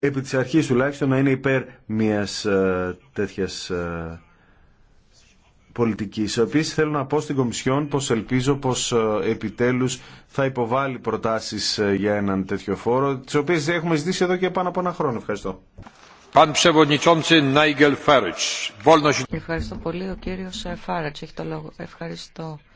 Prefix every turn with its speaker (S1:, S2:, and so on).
S1: επί της αρχής τουλάχιστον να είναι υπέρ μιας ε, τέτοιας ε, πολιτικής. Επίσης θέλω να πω στην Κομισιόν πως ελπίζω πως ε, επιτέλους θα υποβάλει προτάσεις για έναν τέτοιο φόρο, τις οποίες έχουμε ζητήσει εδώ και πάνω από ένα χρόνο. Ευχαριστώ. Ευχαριστώ πολύ.
S2: Ο
S3: κύριος Φάρετς έχει το λόγο. Ευχαριστώ.